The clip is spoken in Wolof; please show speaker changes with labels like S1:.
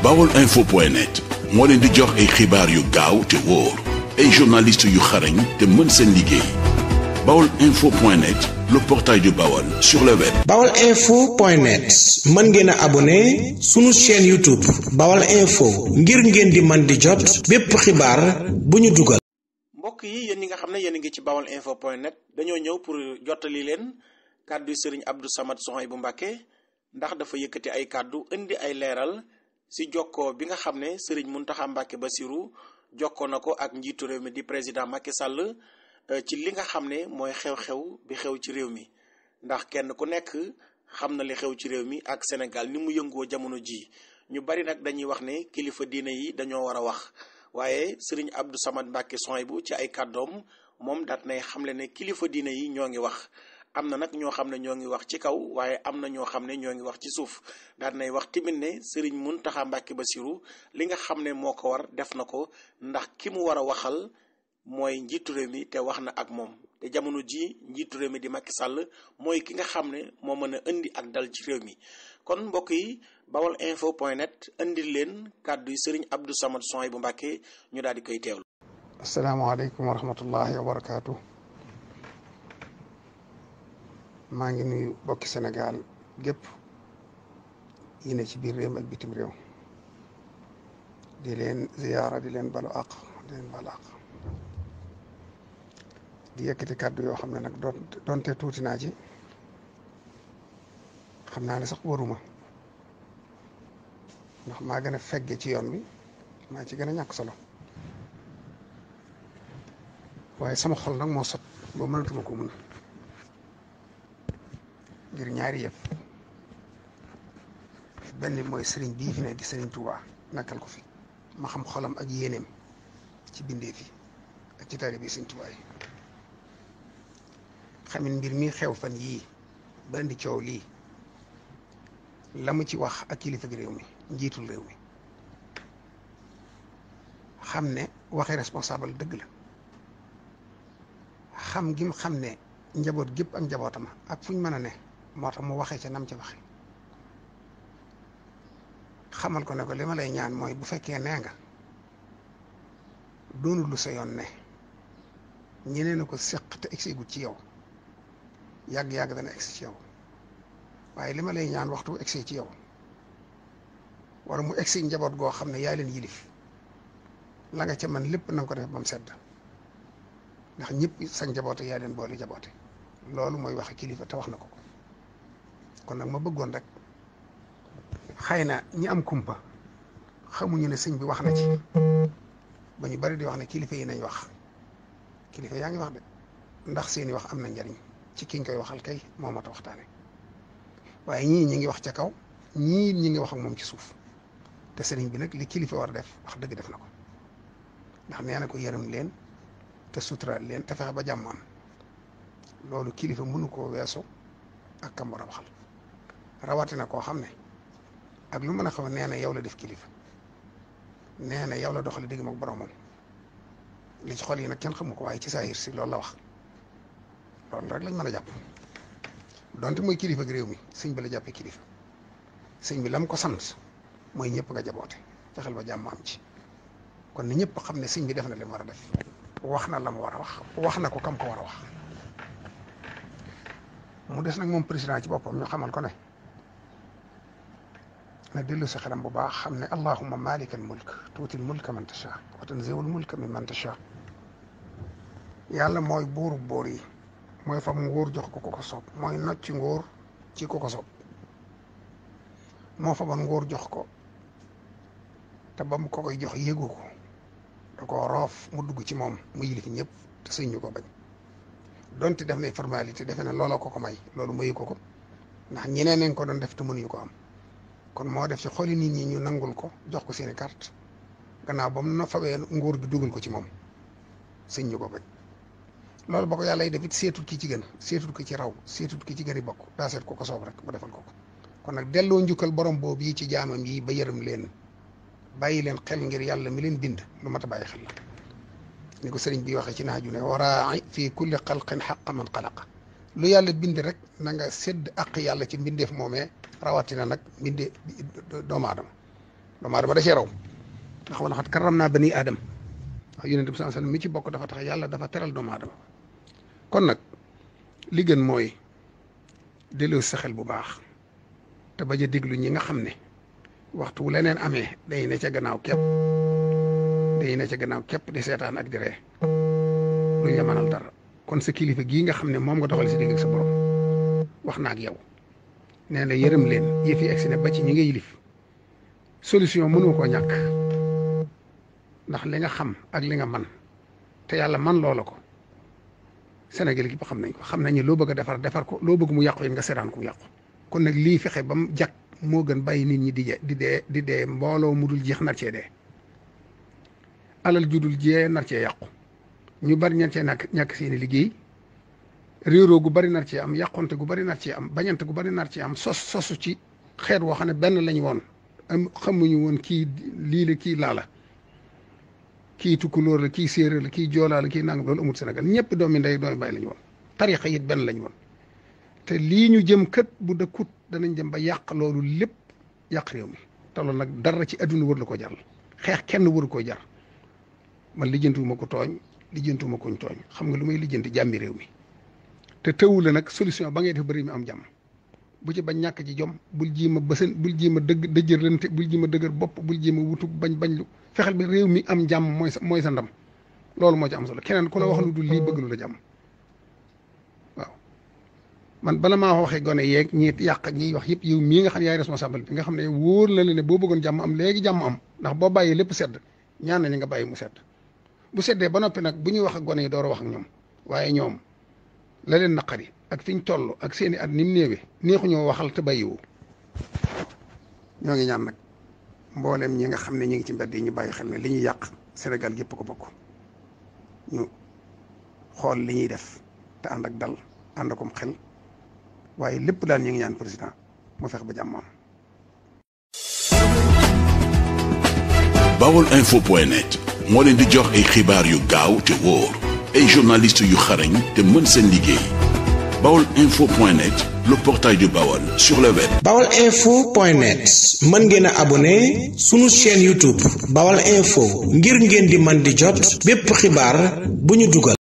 S1: bawol info point net moo leen di jox ay xibaar yu gaaw te wóor ay yu xarañ mën seen liggéey bawol info point net le portail du Baol sur le mën ngeen a abonné sunu chaîne YouTube bawol info ngir ngeen di man di jot bépp xibaar bu ñu dugal. mbokk yi yéen ñi nga xam ne yéen a ngi ci bawol info point net dañoo ñëw pour jottali leen kàddu Serigne Abdou Samad Sohay bu Mbàkke ndax dafa yëkkati ay kàddu indi ay leeral. si jokkoo bi nga xam ne sëriñ Mountakha Mbacké Bassirou jokkoo na ko ak njiitu réew mi di président Macky sàll euh, ci li nga xam ne mooy xew-xew bi xew ci réew mi ndax kenn ku nekk xam na li xew ci réew mi ak Sénégal ni mu yëngoo jamono jii ñu bari nag dañuy wax ne kilifa diina yi dañoo war a wax waaye sëriñ Abdou Samad Mbacké Sohaibou ci ay kàddoom moom daat nay xamle ne kilifa diina yi ñoo ngi wax am na nag ñoo xam ne ñoo ngi wax ci kaw waaye am na ñoo xam ne ñoo ngi wax ci suuf daan nay wax tamit ne mun Serigne Mountakha ba Bassirou li nga xam ne moo ko war def na ko ndax ki mu war a waxal mooy njiitu réew mi te wax na ak moom te jamono ji njiitu réew mi di Macky Sall mooy ki nga xam ne moo mën a indi ak dal ci réew mi kon mbokk yi bawal info point net indil leen kàddu yi Serigne Abdou Samad yi bu Mbacké ñu daal di koy teewlu.
S2: asalaamaaleykum wa rahmatullahi wa barakaatu. maa ngi nuyu bokki Sénégal gépp yi ne ci biir réew ak bitim réew di leen ziyaara di leen balu àq di di yëkkati kàddu yoo xam ne nag donte tuuti naa ci xam naa ne sax waruma ndax maa gën a fegge ci yoon bi maa ci gën a ñàkk solo waaye sama xol nag moo sot boo mënatuma ko mun ngir ñaari yëpp benn mooy sëriñ bii fi ne di sëriñ Touba nakkal ko fi ma xam xolam ak yéeneem ci bindee fi ak ci taalibe sëriñ Touba yi xamin mbir mi xew fan yii ba indi coow lii la ci wax ak kilifa gi réew mi njiitul réew mi xam ne waxi responsable dëgg la xam gi xam ne njaboot gépp ak njabootam ak fuñ ñu mën a ne moo tax mu waxee ca nam ci waxe xamal ko ne ko li ma lay ñaan mooy bu fekkee nee nga doonu lu sa yoon ne ñeneen na ko séq te egsi ci yow yàgg-yàgg dana egsi ci yow waaye li ma lay ñaan waxtu egsi ci yow wala mu egsi njaboot goo xam ne yaa leen yilif la ca man lépp na ko def ba mu sedd ndax ñëpp sa njaboote yaa leen boole jaboote loolu mooy waxe kilifa te wax na ko ko kon nag ma bëggoon rek xëy na ñi am kumpa xamuñu ne sëñ bi wax na ci ba ñu bari di wax na kilifa yi nañ wax kilifa yaa ngi wax de ndax seeni wax am na njariñ ci kiñ ñu koy waxal kay moo mat a waxtaane waaye ñii ñi ngi wax ca kaw ñii ñi ngi wax ak moom ci suuf te sëriñ bi nag li kilifa war a def wax dëgg def na ko ndax nee na ko yërëm leen te suturaal leen te fexe ba jàmm am loolu kilifa mënu ko weesu ak kam war a waxal rawatina koo xam ne ak lu mën a xaw nee na yow la def kilifa nee na yow la doxali digg mag boromam li ci xol yi nag kenn xamu ko waaye ci saa si loolu la wax loolu rek lañ mën a jàpp donte mooy kilifa ak réew mi sëñ bi la jàppee kilifa sëñ bi lam ko sant mooy ñëpp nga jaboote fexeel ba jàmm am ci kon ni ñëpp xam ne sëñ bi def na li mu war a def wax na la mu war a wax wax na ko kam ko war a wax mu des nag moom président ci boppam ñu xamal ko ne. na dellu si xelam bu baax xam ne allahumma malik al mulk tuutil mulka man tasha wa tanziul mulka mi man tasha yàlla mooy buuru buur yi mooy fam nguur jox ko ko ko soob mooy nocci nguur ci ko ko soob moo famoon nguur jox ko te ba mu ko jox yéegu ko da koo roof mu dugg ci moom mu yilif ñëpp te sëñ ñu ko bañ donte def nay formalité defe na looloo ko ko may loolu mayu ko ko ndax ñeneen nañ ko doon def te mënuñu ko am kon moo def ci xoli nit ñi ñu nangul ko jox ko seeni carte gannaaw ba mu na fawee nguur gi dugal ko ci moom sëñ ñu ko bañ loolu ba yàlla yi def it seetut ki ci gën seetut ki ci raw seetut ki ci gën yi bokk daa seet ko ko soob rek mu defal ko ko kon nag delloo njukkal borom boobu yi ci jaamam yi ba yërëm leen bàyyi leen xel ngir yàlla mi leen bind lu mat a bàyyi xel la ni ko sëriñ bi waxee ci naaju ne waraa'i fii kulli xalqin xaqa man xalaqa lu yàlla bind rek na sedd sédd ak yàlla ci mbindeef moomee rawatina nag mbindee doomu aadama doomu aadama da cee raw nga xam ne xat karam naa bani aadam wax yonent bi sallallahu mi ci bokk dafa tax yàlla dafa teral doomu kon nag li gën mooy delloo sa xel bu baax te bañ a déglu ñi nga xam ne waxtu leneen amee day ne ca gannaaw képp day ne ca gannaaw képp di seetaan ak di ree lu ñu dara kon sa kilifa gii nga xam ne moom nga doxal si dégg ak sa borom wax na ak yow nee na yërëm leen yëf yi egsi ne ba ci ñi nga yilif solution mënoo ko ñàkk ndax li nga xam ak li nga man te yàlla man loola ko Sénégal gi ba xam nañ ko xam nañ ne loo bëgg a defar defar ko loo bëgg mu yàqu yi nga seetaan ko mu yàqu kon nag lii fexe ba mu jag moo gën bay nit ñi di je di dee di dee mbooloo mu dul jeex nar cee dee alal ju dul jee nar cee yàqu ñu bari ñan cee nak ñàkk seeni liggéey réeroo gu bari nar ci am yàqonte gu bari nar ci am bañante gu bari nar ci am sos sosu ci xeet woo xam ne benn lañu woon am xamuñu woon kii lii la kii laa la kii tukkulóor la kii séeréer la kii joolaa la kii nangam loolu amul Sénégal ñëpp doomi ndey doomi bàyyi lañu woon tarixa it benn lañu woon te lii ñu jëm kët bu dëkkut danañ jëm ba yàq loolu lépp yàq réew mi te loolu nag dara ci adduna wër la ko jar xeex kenn wër ko jar man lijjantiwuma ko tooñ lijjantuma kuñ tooñ xam nga lu may lijjanti jàmmi réew mi te teewul la nag solution ba ngay def bari mi am jàmm bu ci bañ ñàkk ci jom bul jii ma bësën bul ji ma dëgg dëjërlante bul ji ma dëgër bopp bul ji ma wutug bañ bañ lu fexeel bi réew mi am jàmm mooy sa mooy sa ndam loolu moo ci am solo keneen ku la wax lu dul lii bëgg lu la jàmm waaw man bala maa waxee gone yeeg ñi yàq ak ñiy wax yëpp yow mii nga xam yaay responsable bi nga xam ne wóor na la ne boo bëggoon jàmm am léegi jàmm am ndax boo bàyyee lépp sedd ñaan nañu nga bàyyi mu sedd bu seddee ba noppi nag bu ñuy wax ak gone yi door a ak ñoom waaye ñoom la leen naqari ak fi ñu toll ak seeni at ni mu néewee neexuñoo waxal te bàyyiwu ñoo ngi ñaan nag mboolem ñi nga xam ne ñi ngi ci mbedd yi ñu bàyyi xel ne li ñuy yàq senegal gépp ko bokk ñu xool li ñuy def te ànd ak dal ànd akum xel waaye lépp daal ñu ngi ñaan président mu fex ba jàmm
S1: moo leen di jox ay xibaar yu gaaw te wóor ay journalistes yu xarañ te mën seen liggéey bawol info point net le portail du Bawol sur le web. bawol info point net mën ngeen a abonné sunu chaîne YouTube bawol info ngir ngeen di man di jot bépp xibaar bu ñu dugal.